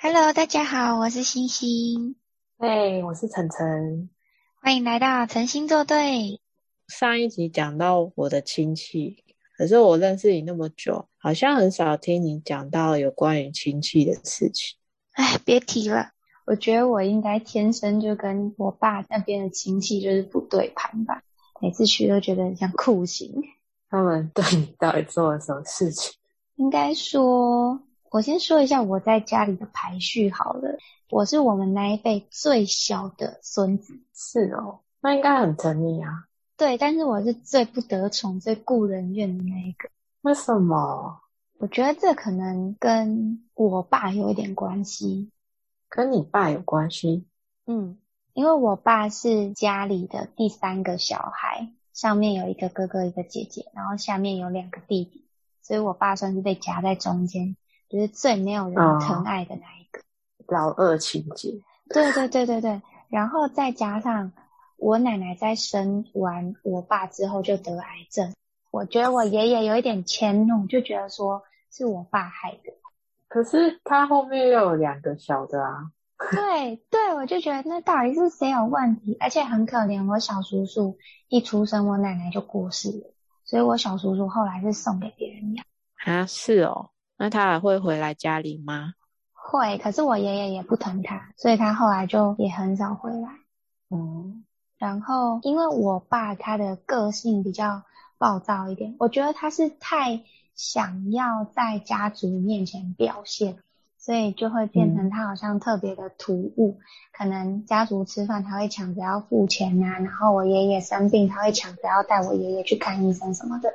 Hello，大家好，我是芯芯。嘿、hey，我是岑岑。歡迎來到岑芯作對。上一集講到我的親戚，可是我認識你那麼久，好像很少聽你講到有關於親戚的事情。哎，別提了，我覺得我應該天生就跟我爸那邊的親戚就是不對盤吧，每次去都覺得很像酷刑。他們對你到底做了什麼事情？應該說。我先說一下我在家裡的排序好了。我是我們那一輩最小的孫子。是哦，那應該很疼你啊。對，但是我是最不得寵、最顧人怨的那一個。為什麼？我覺得這可能跟我爸有一點關係。跟你爸有關係？嗯，因為我爸是家裡的第三個小孩，上面有一個哥哥、一個姐姐，然後下面有兩個弟弟，所以我爸算是被夾在中間。就是最沒有人疼愛的那一個、哦、老二情結，對對對對對。然後再加上我奶奶在生完我爸之後就得癌症，我覺得我爺爺有一點遷怒，就覺得說是我爸害的。可是他後面又有兩個小的啊。 對對，我就覺得那到底是誰有問題？而且很可憐，我小叔叔一出生我奶奶就過世了，所以我小叔叔後來是送給別人養。啊，是哦。那他還會回來家裡嗎？會，可是我爺爺也不疼他，所以他後來就也很少回來。哦、嗯。然後因為我爸他的個性比較暴躁一點，我覺得他是太想要在家族面前表現，所以就會變成他好像特別的突兀，嗯、可能家族吃飯他會搶着要付錢啊，然後我爺爺生病他會搶着要帶我爺爺去看醫生什麼的。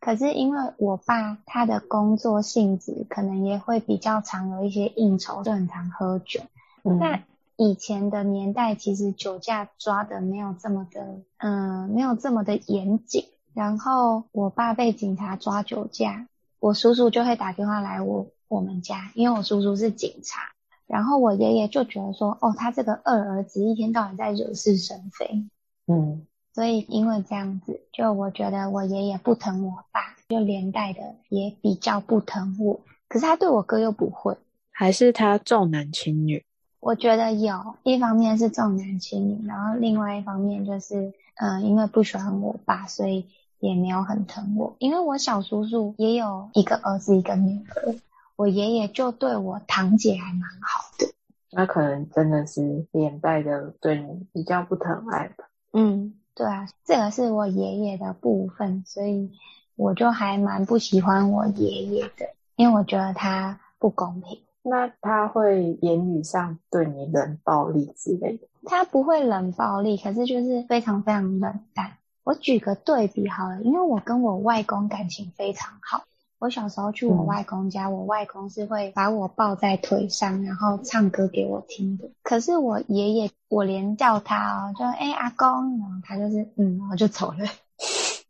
可是因為我爸他的工作性質，可能也會比較常有一些應酬，就很常喝酒。那、嗯、以前的年代，其實酒駕抓的沒有這麼的，嗯，沒有這麼的嚴謹。然後我爸被警察抓酒駕，我叔叔就會打電話來我我們家，因為我叔叔是警察。然後我爺爺就覺得說，哦，他這個二兒子一天到晚在惹是生非，嗯。所以，因為這樣子，就我覺得我爺爺不疼我爸，就連帶的也比較不疼我。可是他對我哥又不會，還是他重男輕女？我覺得有一方面是重男輕女，然後另外一方面就是，嗯、呃，因為不喜歡我爸，所以也沒有很疼我。因為我小叔叔也有一個兒子一個女兒，我爺爺就對我堂姐還蠻好的。那可能真的是連帶的對你比較不疼愛吧？嗯。對啊，這個是我爺爺的部分，所以我就還蠻不喜歡我爺爺的，因為我覺得他不公平。那他會言語上對你冷暴力之類的？他不會冷暴力，可是就是非常非常冷淡。我舉個對比好了，因為我跟我外公感情非常好。我小時候去我外公家，嗯，我外公是會把我抱在腿上，然後唱歌給我聽的。可是我爺爺，我連叫他，哦，就哎、欸、阿公，然後他就是嗯，我就走了。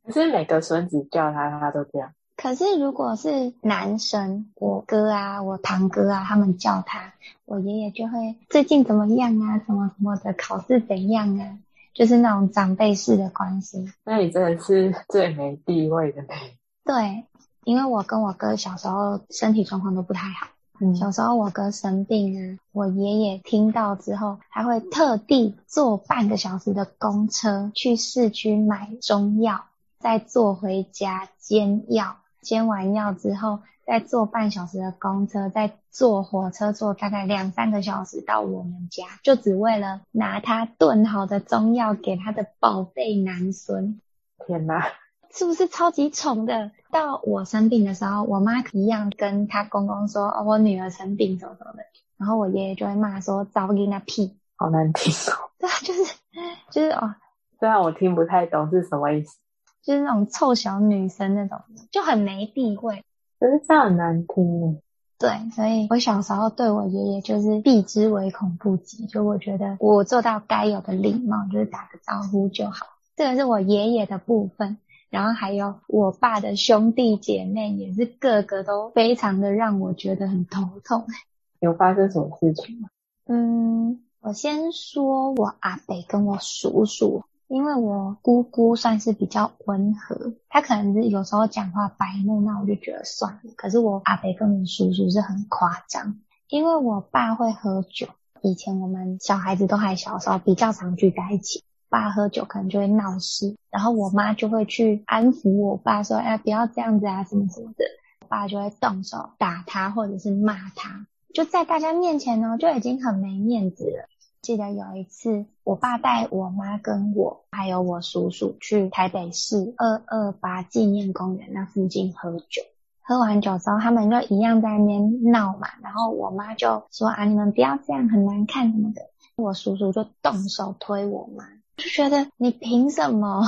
可是每個孫子叫他，他都這樣。可是如果是男生，我哥啊，我堂哥啊，他們叫他，我爺爺就會最近怎麼樣啊，什麼什麼的，考試怎樣啊，就是那種長輩式的關係、嗯、那你真的是最沒地位的那。 對。因為我跟我哥小時候身體狀況都不太好，嗯，小時候我哥生病啊，我爺爺聽到之後，他會特地坐半個小時的公車去市區買中藥，再坐回家煎藥，煎完藥之後再坐半小時的公車，再坐火車坐大概兩三個小時到我們家，就只為了拿他燉好的中藥給他的寶貝男孫。天哪，是不是超級寵的？到我生病的時候，我媽一樣跟她公公說：“哦，我女兒生病什麼什麼的。”然後我爺爺就會罵說：“糟陰那屁！”好難聽哦。對，就是，就是哦。雖然我聽不太懂是什麼意思，就是那種臭小女生那種，就很沒地位。真的很難聽耶。對，所以我小時候對我爺爺就是避之唯恐不及。就我覺得我做到該有的禮貌，就是打個招呼就好。這個是我爺爺的部分。然後還有我爸的兄弟姐妹，也是個個都非常的讓我覺得很頭痛。欸，有發生什麼事情嗎？嗯，我先說我阿伯跟我叔叔，因為我姑姑算是比較溫和，她可能是有時候講話白目，那我就覺得算了。可是我阿伯跟我叔叔是很誇張，因為我爸會喝酒，以前我們小孩子都還小時候，比較常聚在一起。爸喝酒可能就會鬧事，然後我媽就會去安撫我爸，說：“哎，不要這樣子啊，什麼什麼的。”我爸就會動手打他或者是罵他，就在大家面前呢，哦，就已經很沒面子了。記得有一次，我爸帶我媽跟我還有我叔叔去台北市二二八紀念公園那附近喝酒，喝完酒之後，他們就一樣在那邊鬧嘛，然後我媽就說：“啊，你們不要這樣，很難看什麼的。”我叔叔就動手推我媽。就覺得你憑什麼？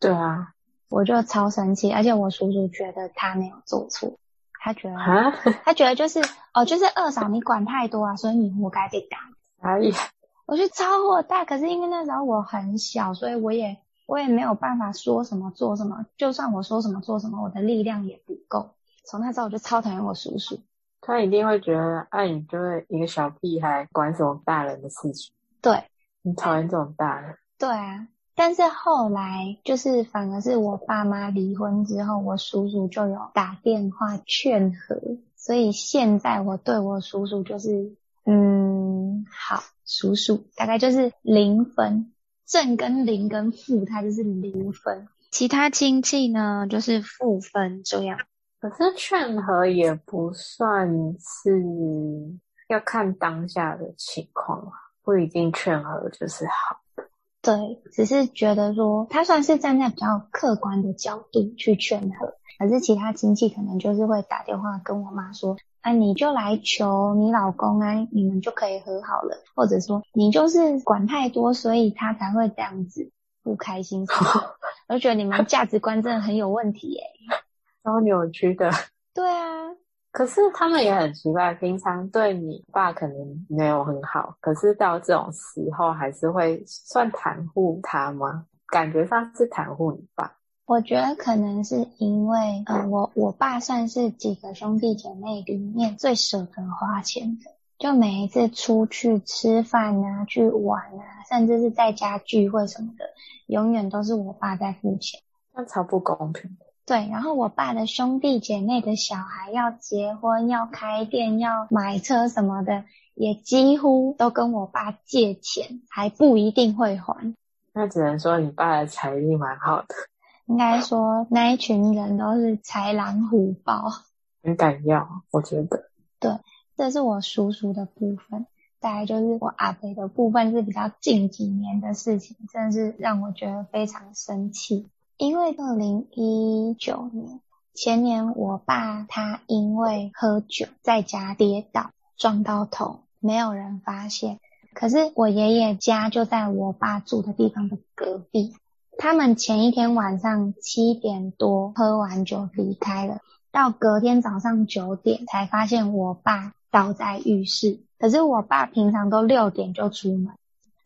對啊，我就超生氣，而且我叔叔覺得他沒有做錯，他覺得他覺得就是哦，就是二嫂你管太多啊，所以你活該被打。哎呀，我就超火大，可是因為那時候我很小，所以我也我也沒有辦法說什麼做什麼。就算我說什麼做什麼，我的力量也不夠。從那之後我就超討厭我叔叔，他一定會覺得哎，你就是一個小屁孩，管什麼大人的事情？對，你討厭這種大人。對啊，但是後來就是反而是我爸媽離婚之後，我叔叔就有打電話勸和，所以現在我對我叔叔就是，嗯，好，叔叔大概就是零分，正跟零跟負，他就是零分，其他親戚呢就是負分這樣。可是勸和也不算是要看當下的情況啊，不一定勸和就是好。對，只是覺得說他算是站在比較客觀的角度去勸和，可是其他親戚可能就是會打電話跟我媽說：“那、啊、你就來求你老公啊，你們就可以和好了。”或者說你就是管太多，所以他才會這樣子不開心是不是？ 我覺得你們價值觀真的很有問題耶、欸，超扭曲的。對啊。可是他們也很奇怪，平常對你爸可能沒有很好，可是到這種時候還是會算袒護他嗎？感覺上是袒護你爸。我覺得可能是因為，呃，我我爸算是幾個兄弟姐妹裡面最捨得花錢的，就每一次出去吃飯啊、去玩啊，甚至是在家聚會什麼的，永遠都是我爸在付錢。那超不公平的。對，然後我爸的兄弟姐妹的小孩要結婚、要開店、要買車什麼的，也幾乎都跟我爸借錢，還不一定會還。那只能說你爸的財運蠻好的。應該說那一群人都是豺狼虎豹，很敢要。我覺得，對，這是我叔叔的部分，大概就是我阿伯的部分是比較近幾年的事情，真的是讓我覺得非常生氣。因為二零一九年前年，我爸他因為喝酒在家跌倒，撞到頭，沒有人發現。可是我爺爺家就在我爸住的地方的隔壁，他們前一天晚上七點多喝完酒離開了，到隔天早上九點才發現我爸倒在浴室。可是我爸平常都六點就出門。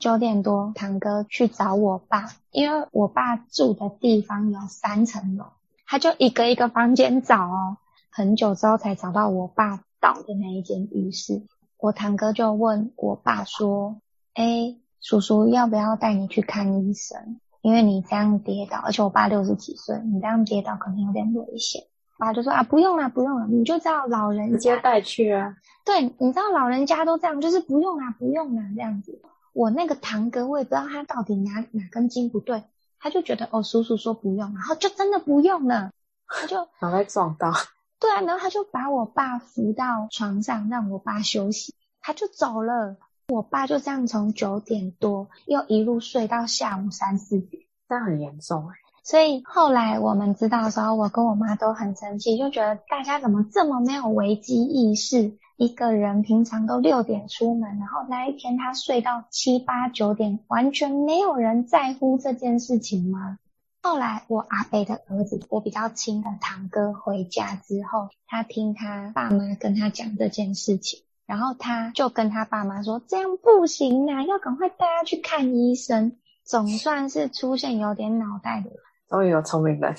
九點多，堂哥去找我爸，因為我爸住的地方有三層樓，他就一個一個房間找，哦。很久之後才找到我爸倒的那一間浴室。我堂哥就問我爸說：“哎，叔叔要不要帶你去看醫生？因為你這樣跌倒，而且我爸六十幾歲，你這樣跌倒可能有點危險。”我爸就說：“啊，不用了，不用了，你就叫老人家帶去啊。”對，你知道老人家都這樣，就是不用啊，不用啊，這樣子。我那個堂哥，我也不知道他到底哪哪根筋不對，他就覺得哦，叔叔說不用，然後就真的不用了，他就腦袋撞到？對啊，然後他就把我爸扶到床上，讓我爸休息，他就走了。我爸就這樣從九點多又一路睡到下午三四點，這樣很嚴重哎、欸。所以後來我們知道的時候，我跟我媽都很生氣，就覺得大家怎麼這麼沒有危機意識。一個人平常都六點出門，然後那一天他睡到七八九點，完全沒有人在乎這件事情嗎？後來我阿伯的兒子，我比較親的堂哥回家之後，他聽他爸媽跟他講這件事情，然後他就跟他爸媽說：“這樣不行吶、啊，要趕快帶他去看醫生。”總算是出現有點腦袋了了的，終於有聰明人。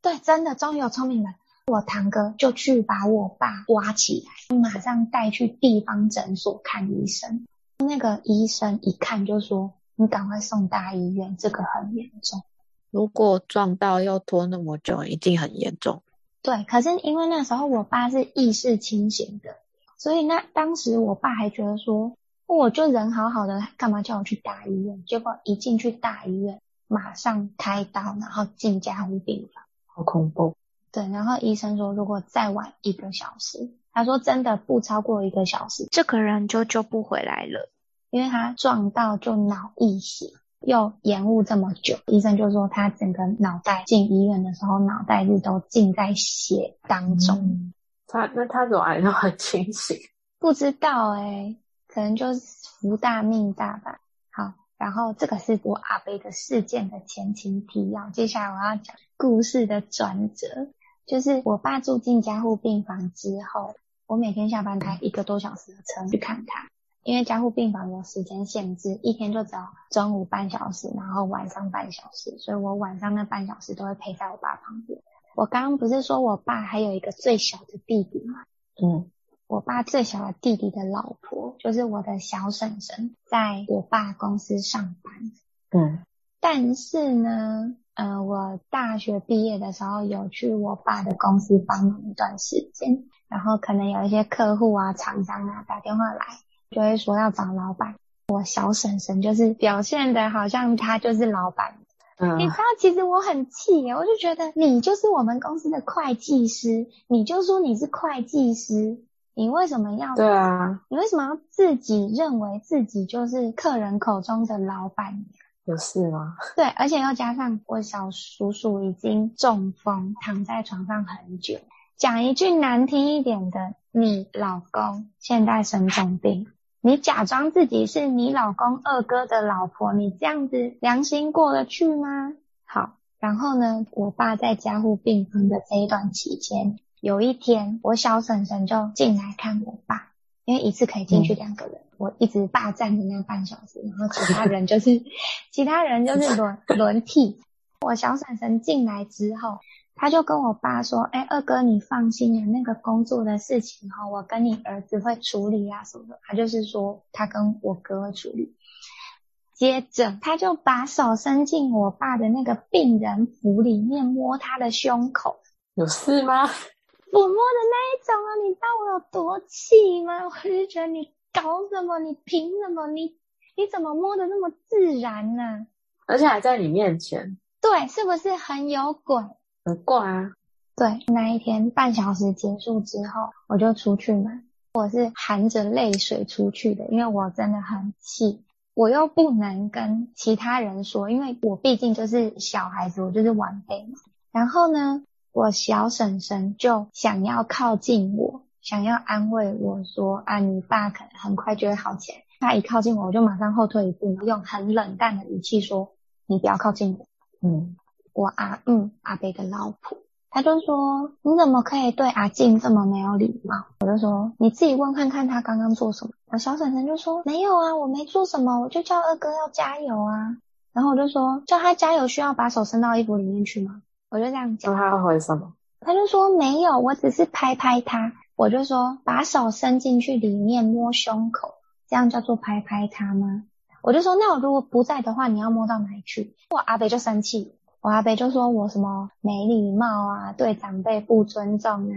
對，真的，終於有聰明人。我堂哥就去把我爸挖起來，馬上帶去地方診所看醫生。那個醫生一看就說：“你趕快送大醫院，這個很嚴重。”如果撞到要拖那麼久，一定很嚴重。對，可是因為那時候我爸是意識清醒的，所以那當時我爸還覺得說：“我就人好好的，幹嘛叫我去大醫院？”結果一進去大醫院，馬上開刀，然後進加護病房。好恐怖。對，然後醫生說，如果再晚一個小時，他說真的不超過一個小時，這個人就救不回來了，因為他撞到就腦溢血，又延誤這麼久，醫生就說他整個腦袋進醫院的時候，腦袋子都浸在血當中。嗯、他那他怎麼還很清醒？不知道哎、欸，可能就是福大命大吧。好，然後這個是我阿伯的事件的前情提要，接下來我要講故事的轉折。就是我爸住進加護病房之後，我每天下班開一個多小時的車去看他，因為加護病房有時間限制，一天就只有中午半小時，然後晚上半小時，所以我晚上那半小時都會陪在我爸旁邊。我剛剛不是說我爸還有一個最小的弟弟嘛？嗯，我爸最小的弟弟的老婆就是我的小嬸嬸，在我爸公司上班。嗯，但是呢。嗯、呃，我大學畢業的時候有去我爸的公司幫忙一段時間，然後可能有一些客戶啊、廠商啊打電話來，就會說要找老闆。我小嬸嬸就是表現的好像她就是老闆。嗯，你知道其實我很氣耶，我就覺得你就是我們公司的會計師，你就說你是會計師，你為什麼要做什麼？對啊，你為什麼要自己認為自己就是客人口中的老闆？不是嗎？對，而且又加上我小叔叔已經中風，躺在床上很久。講一句難聽一點的，你老公現在生重病，你假裝自己是你老公二哥的老婆，你這樣子良心過得去嗎？好，然後呢，我爸在加護病房的這一段期間，有一天我小嬸嬸就進來看我爸。因為一次可以進去兩個人。嗯，我一直霸占着那半小時，然後其他人就是 其他人就是輪輪替。 我小嬸嬸進來之後，他就跟我爸說：“哎、欸，二哥，你放心啊，那個工作的事情哈，我跟你兒子會處理啊，什麼的”，他就是說他跟我哥處理。接着他就把手伸進我爸的那個病人服裡面，摸他的胸口。有事嗎？我摸的那一種啊！你知道我有多氣嗎？我是覺得，你搞什麼？你憑什麼？你你怎麼摸的那麼自然呢、啊？而且還在你面前。對，是不是很有鬼？很怪啊。對，那一天半小時結束之後，我就出去了。我是含着淚水出去的，因為我真的很氣。我又不能跟其他人說，因為我畢竟就是小孩子，我就是晚輩嘛。然後呢，我小嬸嬸就想要靠近我，想要安慰我說：“啊，你爸可能很快就會好起來。”他一靠近我，我就馬上後退一步，用很冷淡的語氣說：“你不要靠近我。嗯我啊”嗯，我阿嗯阿伯的老婆，他就說：“你怎麼可以對阿靜這麼沒有禮貌？”我就說：“你自己問看看，他剛剛做什麼。”我小嬸嬸就說：“沒有啊，我沒做什麼，我就叫二哥要加油啊。”然後我就說：“叫他加油需要把手伸到衣服裡面去嗎？”我就這樣講，他要回什麼？他就說，沒有，我只是拍拍他。我就說，把手伸進去裡面摸胸口，這樣叫做拍拍他嗎？我就說，那我如果不在的話，你要摸到哪裡去我阿伯就生氣，我阿伯就說我什麼沒禮貌啊，對長輩不尊重啊。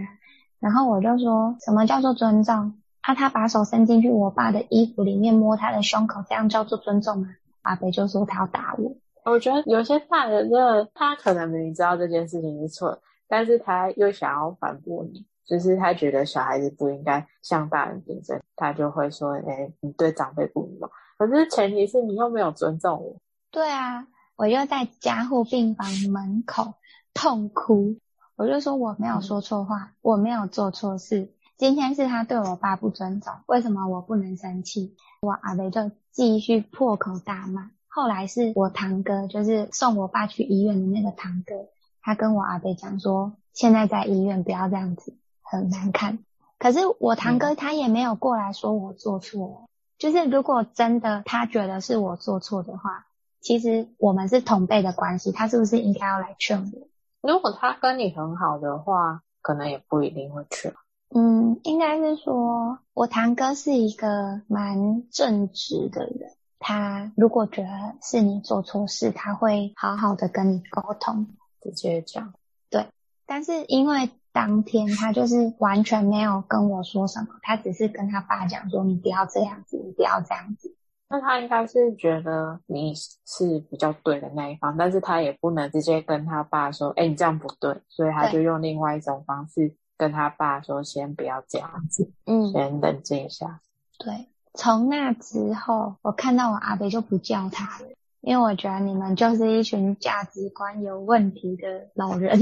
然後我就說什麼叫做尊重啊？他把手伸進去我爸的衣服裡面摸他的胸口，這樣叫做尊重嗎、啊？阿伯就說他要打我。我覺得有些大人的他可能明知道這件事情是錯，但是他又想要反駁你，就是他覺得小孩子不應該向大人頂嘴，他就會說：“哎、欸，你對長輩不禮貌。”可是前提是你又沒有尊重我。對啊，我又在加護病房門口痛哭，我就說我沒有說錯話、嗯，我沒有做錯事，今天是他對我爸不尊重，為什麼我不能生氣？我阿伯就繼續破口大罵。後來是我堂哥，就是送我爸去醫院的那個堂哥，他跟我阿伯講說，現在在醫院不要這樣子，很難看。可是我堂哥他也沒有過來說我做錯。嗯，就是如果真的他覺得是我做錯的話，其實我們是同輩的關係，他是不是應該要來勸我？如果他跟你很好的話，可能也不一定會去。嗯，應該是說我堂哥是一個蠻正直的人。他如果覺得是你做錯事，他會好好的跟你溝通，直接講。對，但是因為當天他就是完全沒有跟我說什麼，他只是跟他爸講說：“你不要這樣子，你不要這樣子。”那他應該是覺得你是比較對的那一方，但是他也不能直接跟他爸說：“哎、欸，你這樣不對。”所以他就用另外一種方式跟他爸說：“先不要這樣子，嗯，先冷靜一下。”對。從那之後，我看到我阿伯就不叫他了，因為我覺得你們就是一群價值觀有問題的老人。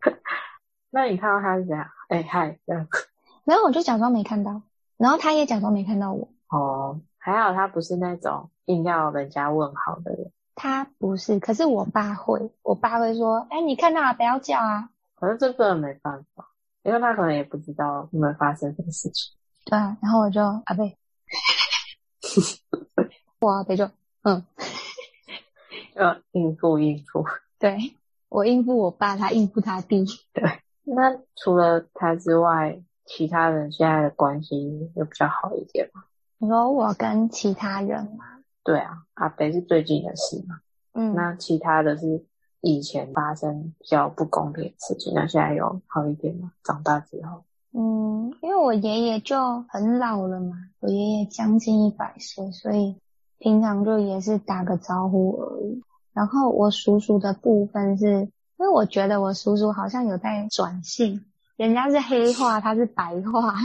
那你看到他是怎樣？哎、欸、嗨，這樣沒有，我就假裝沒看到，然後他也假裝沒看到我。哦，還好他不是那種硬要人家問好的人。他不是，可是我爸會，我爸會說：“哎、欸，你看到阿伯要叫啊。”可是這個沒辦法，因為他可能也不知道有沒有發生什麼事情。對、啊，然後我就阿伯。」哇，阿伯就，嗯 ，要應付應付對，對，我應付我爸他，他應付他弟，對。那除了他之外，其他人現在的關係又比較好一點嗎？你說我跟其他人嗎？對啊，阿伯是最近的事嘛。嗯，那其他的是以前發生比較不公平的事情，那現在有好一點嗎？長大之後。嗯，因為我爺爺就很老了嘛。我爺爺將近一百歲，所以平常就也是打個招呼而已。然後我叔叔的部分是，因為我覺得我叔叔好像有在轉性，人家是黑話，他是白話，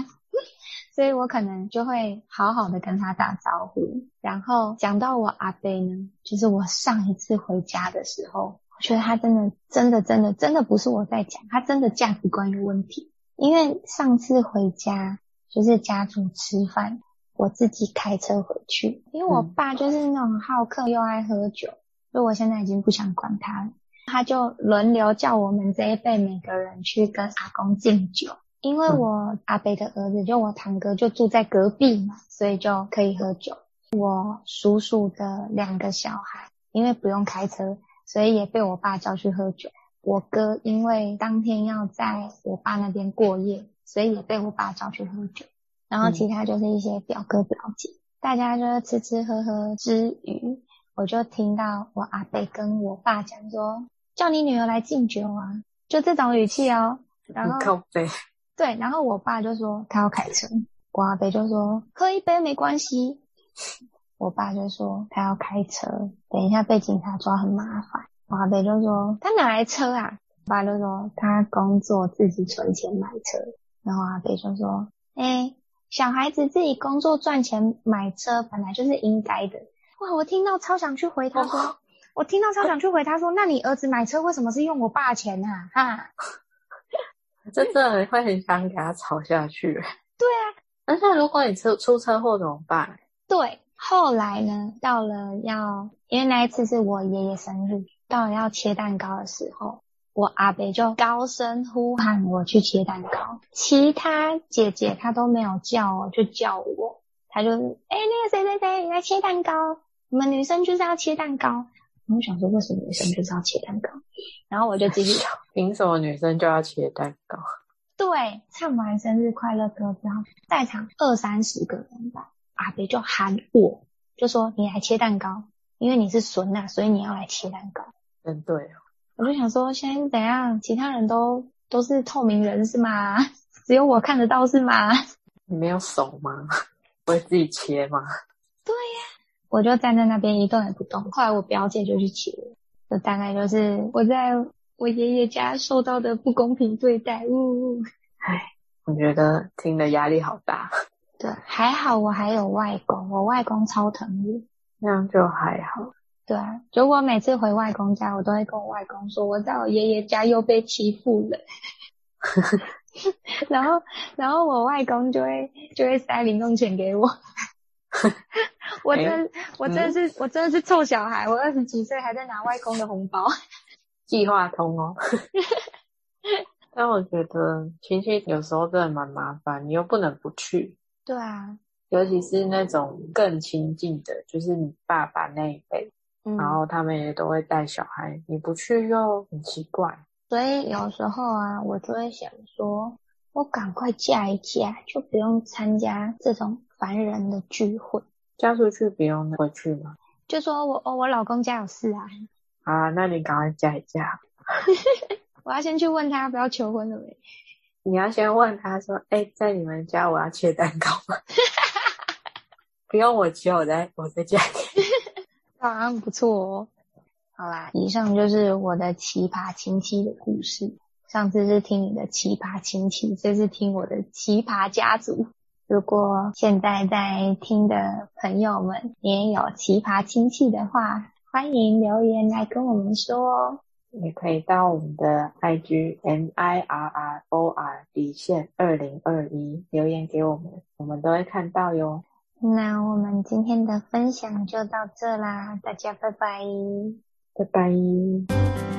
所以我可能就會好好的跟他打招呼。然後講到我阿伯呢，就是我上一次回家的時候，我覺得他真的、真的、真的、真的不是我在講，他真的價值觀有問題。因為上次回家就是家族吃飯。我自己開車回去，因為我爸就是那種好客又愛喝酒，嗯，所以我現在已經不想管他了。他就輪流叫我們這一輩每個人去跟阿公敬酒。因為我阿伯的兒子，就我堂哥，就住在隔壁嘛，所以就可以喝酒。我叔叔的兩個小孩，因為不用開車，所以也被我爸叫去喝酒。我哥因為當天要在我爸那邊過夜，所以也被我爸叫去喝酒。然後其他就是一些表哥表姐，嗯、大家就是吃吃喝喝之餘，我就聽到我阿伯跟我爸講說：“叫你女兒來敬酒啊！”就這種語氣哦。然後靠北，對，然後我爸就說他要開車，我阿伯就說喝一杯沒關係。我爸就說他要開車，等一下被警察抓很麻煩。我阿伯就說他哪來車啊？我爸就說他工作自己存錢買車。然後阿伯就說：“哎、欸。”小孩子自己工作賺錢買車，本來就是應該的。哇，我聽到超想去回他說，我聽到超想去回他說，那你兒子買車為什麼是用我爸錢呢、啊？哈， 這真的會很想給他吵下去。對啊，但是如果你出出車禍怎麼辦？對，後來呢，到了要，因為那一次是我爺爺生日，到了要切蛋糕的時候。我阿伯就高聲呼喊我去切蛋糕，其他姐姐她都沒有叫，就叫我，她就哎、欸、那個誰誰誰，你來切蛋糕，你們女生就是要切蛋糕。我想說，為什麼女生就是要切蛋糕？然後我就繼續講，憑什麼女生就要切蛋糕？對，唱完生日快樂歌之後，在場二三十個人吧。阿伯就喊我，就說你來切蛋糕，因為你是孫啊，所以你要來切蛋糕。嗯，對、哦。我就想說，現在怎樣？其他人都都是透明人是嗎？只有我看得到是嗎？你沒有手嗎？會自己切嗎？對呀、啊，我就站在那邊一動也不動。後來我表姐就去切了，就大概就是我在我爺爺家受到的不公平對待。嗚嗚，唉，我覺得聽的壓力好大。對，還好我還有外公，我外公超疼我，那樣就還好。對啊，如果每次回外公家，我都會跟我外公說，我在我爺爺家又被欺負了， 然後然後我外公就會就會塞零用錢給我， 我，欸、我真我真是，嗯、我真的是臭小孩，我二十幾歲還在拿外公的紅包，計 劃通哦， 但我覺得親戚有時候真的蠻麻煩，你又不能不去，對啊，尤其是那種更親近的，就是你爸爸那一輩。然後他們也都會帶小孩，你不去又很奇怪，嗯，所以有時候啊，我就會想說，我趕快嫁一嫁，就不用參加這種煩人的聚會。嫁出去不用回去嗎？就說我我老公家有事啊。好啦，那你趕快嫁一嫁。 我要先去問他不要求婚了沒、欸？你要先問他說，哎、欸，在你們家我要切蛋糕嗎？ 不用我切，我在我在家裡。 答案不錯哦，好啦，以上就是我的奇葩親戚的故事。上次是聽你的奇葩親戚，這次聽我的奇葩家族。如果現在在聽的朋友們也有奇葩親戚的話，歡迎留言來跟我們說哦。也可以到我們的 IG MIRROR 底線二零二一留言給我們，我們都會看到喲。那我們今天的分享就到這啦，大家拜拜，拜拜。